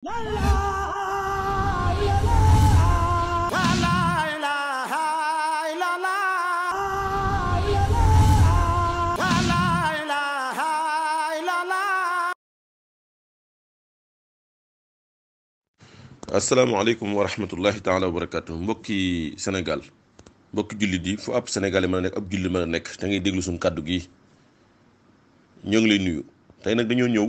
asalaamaaleykum wa rahmatullahi taala wa barakatu mbokki Sénégal mbokki jullit yi fu ab Sénégal yi mën a nekk ab jullit mën a nekk te ngay déglu suñu kàddu gi ñoo ngi lay nuyu tey nag dañoo ñëw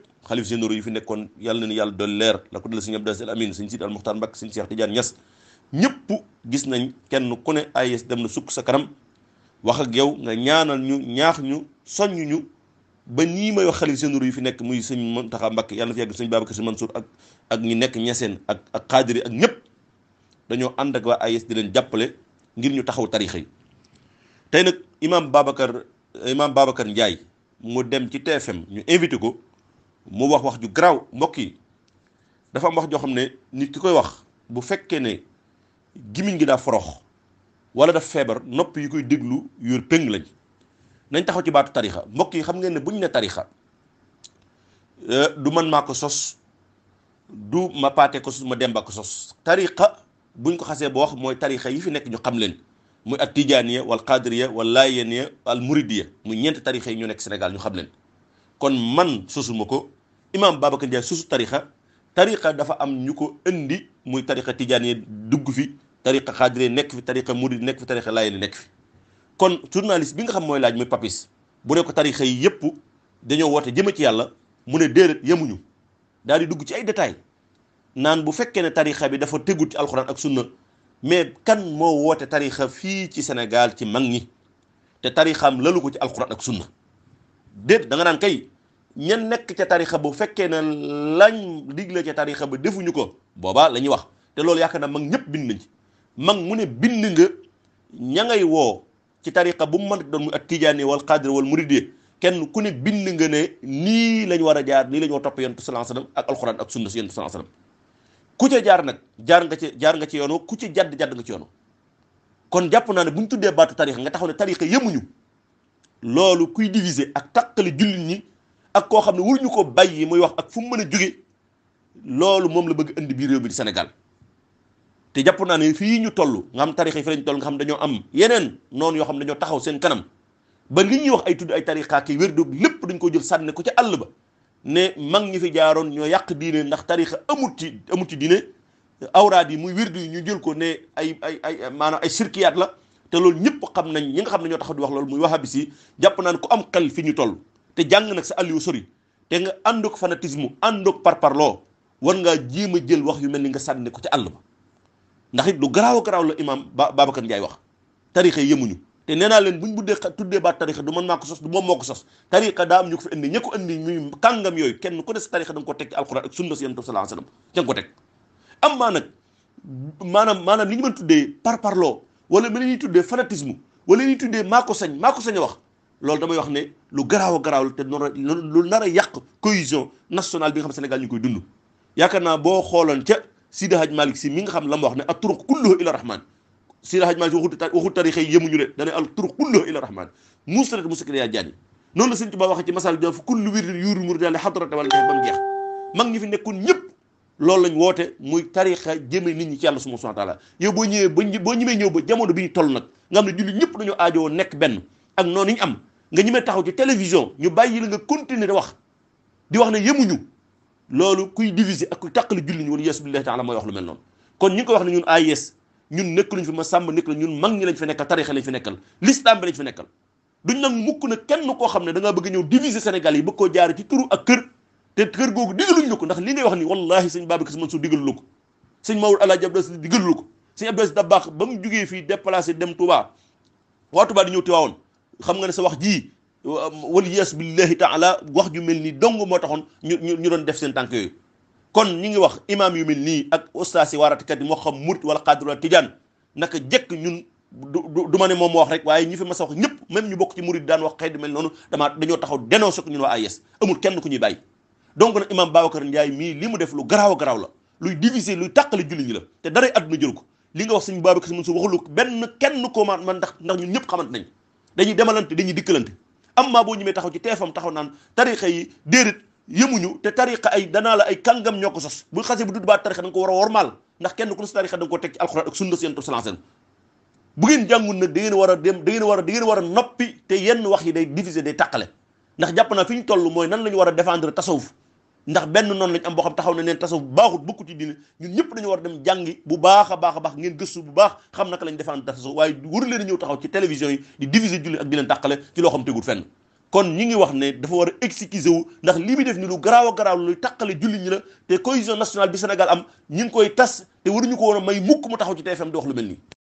xalif généraux yi fi nekkoon yàlla na ni yàlla dool leer la ko dal sëñ Abdou Aziz Al Amine sëñ Sidi Al Muxtaar Mbàkke sëñ Cheikh Tidiane Niass ñëpp gis nañ kenn ku ne AIS dem na sukk sa kanam wax ak yow nga ñaanal ñu ñaax ñu soññ ñu ba nii may wax xalif généraux yi fi nekk muy sëñ Muntaxa Mbàkke yàlla na fi yàgg sëñ Babacar Si Mansour ak ak ñi nekk ñaseen ak ak xaadiri ak ñëpp dañoo ànd ak waa AIS di leen jàppale ngir ñu taxaw tarixa yi tey nag imaam Babacar imaam Babacar Ndiaye mu dem ci TFM ñu invité ko mu wax wax ju garaaw mbokk yi dafa am wax joo xam ne nit ki koy wax bu fekkee ne gimiñ gi daa forox wala daf feebar nopp yi koy déglu yor péng lañ nañ taxaw ci baatu tarixa mbokk yi xam ngeen ne bu ñu ne tarixa euh, du man maa ko sos du ma paate ko sos ma demba ko sos tariqa buñ ko xasee ba wax mooy tarixa yi fi nekk ñu xam leen muy at tijaaniya wal qadiriya wal laayeniya al muridiya mu ñeent tarixa yi ñu nekk Sénégal ñu xam leen kon man susu moko imam babakar ndiaye susu tariqa, tariqa dafa am ñuko endi, indi muy tariqa tidiane dugg fi tariqa xaadire nek fi tariqa murid nekvi, fi tariqa layene nek fi kon journaliste bi nga xam moy laaj muy papis bu ne ko tariqa yi yépp dañoo woote jëme ci yalla mu ne déedéet yemuñu daal di dugg ci ay détails naan bu fekkee ne tariqa bi dafa teggut ci alquran ak sunna mais kan moo woote tariqa fii ci sénégal ci mag ñi te am lalu ko ci alquran ak sunna déet da nga naan kay ñen nekk ca tarixa bu fekkee ne lañ digle ca tarixa ba defuñu ko booba la ñuy wax te loolu yaakaar na mag ñëpp bind nañ mag mu ne bind nga ña ngay woo ci tariqa bu mën doon muy ak wal qadri wal muridi kenn ku ne bind nga ne nii lañ war a jaar nii lañ war topp yontu sallallahu alayhi wasallam ak alquran ak sunna sallallahu alayhi wasallam ku ca jaar nag jaar nga ci jaar nga ci ku ci jadd jadd nga ci kon jàpp naa ne buñ tuddee baatu tariqa nga taxaw ne yemuñu loolu kuy diviser ak tàqale jullit ñi ak koo xam ne waruñu ko bay bàyyi muy wax ak fu mu mën a jóge loolu moom la bëgg indi biir réew mi di Sénégal te jàpp naa ne fii ñu toll nga xam tarixa yi fi lañ toll nga xam dañoo am yeneen noonu yoo xam dañoo taxaw seen kanam ba li ñuy wax ay tudd ay tarixa ki wér dóog lépp dañ ko jël sànne ko ci àll ba ne mag ñi fi jaaroon ñoo yàq diine ndax tarixa amut ci amut ci diine awraad yi muy wérdu yi ñu jël ko ne ay ay ay maanaam ay sirkiyaat la te loolu ñëpp xam nañ ñi nga xam ne ñoo tax di wax loolu muy wahabis yi jàpp naan ku am xel fi ñu toll te jàng nag sa sori te nga fanatisme anduk parparlo war ngaa jéem a jël wax yu mel ni nga sànni ko ci àll ndax it lu garaaw garaaw la imam babacar njaay wax tarixa yemuñu te nee naa leen buñ buddee tuddee baat tarixa du man maa ko sos du moom moo ko sos tarixa daa am ñu ko fi indi ña ko indi muy kàngam yooyu kenn ku ne sa ko teg ci alquran ak sunna si sallallahu alayhi wasallam ca ko teg am maa nag maanaam maanaam ñu mën tuddee parparloo wala bi la ñuy tuddee fanatisme wala ñuy tuddee maa ko sañ maa ko sañ wax loolu damay wax ne lu garaaw a garaaw te lu nar a yàq cohésion nationale bi nga xam Sénégal ñu koy dund yaakaar naa boo xooloon ca Sidi Hadj Malick si mi nga xam la mu wax ne at-turuq kulluha ila rahman Sidi Hadj Malick si waxut waxut tarixa yi yemuñu de dane at-turuq kulluha ila rahman musrat muskila jaani noonu la Sëñ Tuubaa waxee ci masal bi kullu wirdin yuuri muridan li hadrata wala bam jeex mag fi nekkoon ñëpp loolu lañ woote muy tarixa jëmee nit ñi ci yàlla suma wa taala yow boo ñëwee ba boo ñëmee ñëw ba jamono bi ñu toll nag nga xam ne julli ñëpp dañoo aajowoo nekk benn ak noonu am nga ñemee taxaw ci télévision ñu bàyyi la nga continuer di wax di wax ne yemuñu loolu kuy kuy tàqali julli ñi wala yeesu billahi taala mooy wax lu mel noonu kon ñi ko wax ne ñun AIS ñun nekk luñ fi ma sàmm nekk ñun mag ñi lañ fi nekkal tarixa lañ fi nekkal l'islam bi lañ fi mukk na kenn koo xam ne danga ngaa bëgg ñëw diviser Sénégal yi bëgg koo jaare ci turu ak kër te kër googu digaluñ la ko ndax li ngay wax ni wallahi sëñ babacar mansour digalu lu ko sëñ mawul ala abdou aziz digalu lu ko sëñ abdou aziz dabax ba mu jugee dem touba wa touba di ñëw tiwaawoon xam nga ne sa wax ji wal yas billahi taala wax ju melni ni dong mo taxon ñu ñu doon def seen tank kon ñi ngi wax imam yu melni ak oustad si warat kat mo xam murit wal xaadir wala tijaan naka jek ñun du du ma ne moom wax rek waye ñi fi ma sax ñep même ñu bok ci murid daan wax mel dama dañu taxaw dénoncer ñun wa ayes amul kenn ku ñuy baye donc nag imam Babacar Ndiaye mii li mu def lu garaaw garaaw la luy diviser luy tàqale julli ñi la te daray àdduna jël ko li nga wax sëñ Babacar Si Mansuur waxulu benn kenn koo man ndax ndax ñun ñëpp xamante nañ dañuy demalante dañuy dikkalante am maa boo ñëmee taxaw ci teefam taxaw naan tarixa yi déedéet yëmuñu te tarixa ay danaa la ay kangam ñoo ko sos bu xasee bu dudd baa tarixa da nga ko war a wormaal ndax kenn ku ne sa tarixa ko teg ci alxuraan ak sunna seen salaam bu ngeen jàngul nag da ngeen war a dem da war a da ngeen war a noppi te yenn wax yi day diviser day ndax jàpp naa fi ñu toll mooy nan la ñu war a défendre tasawuf ndax benn noon lañ am boo xam taxaw na neen tasawuf baaxut bokkut ci diine ñun ñëpp dañu war a dem jàngi bu baax a baax a baax ngeen gëstu bu baax xam naka lañ defaan tasawuf waaye waru leen a ñëw taxaw ci télévision yi di diviser julli ak di leen tàqale ci loo xam tegul fenn kon ñi ngi wax ne dafa war a excuser wu ndax li muy def ni lu garaaw a garaaw luy tàqale julli ñi la te cohésion nationale bi Sénégal am ñi ngi koy tas te waruñu ko war a may mukk mu taxaw ci TFM di wax lu mel nii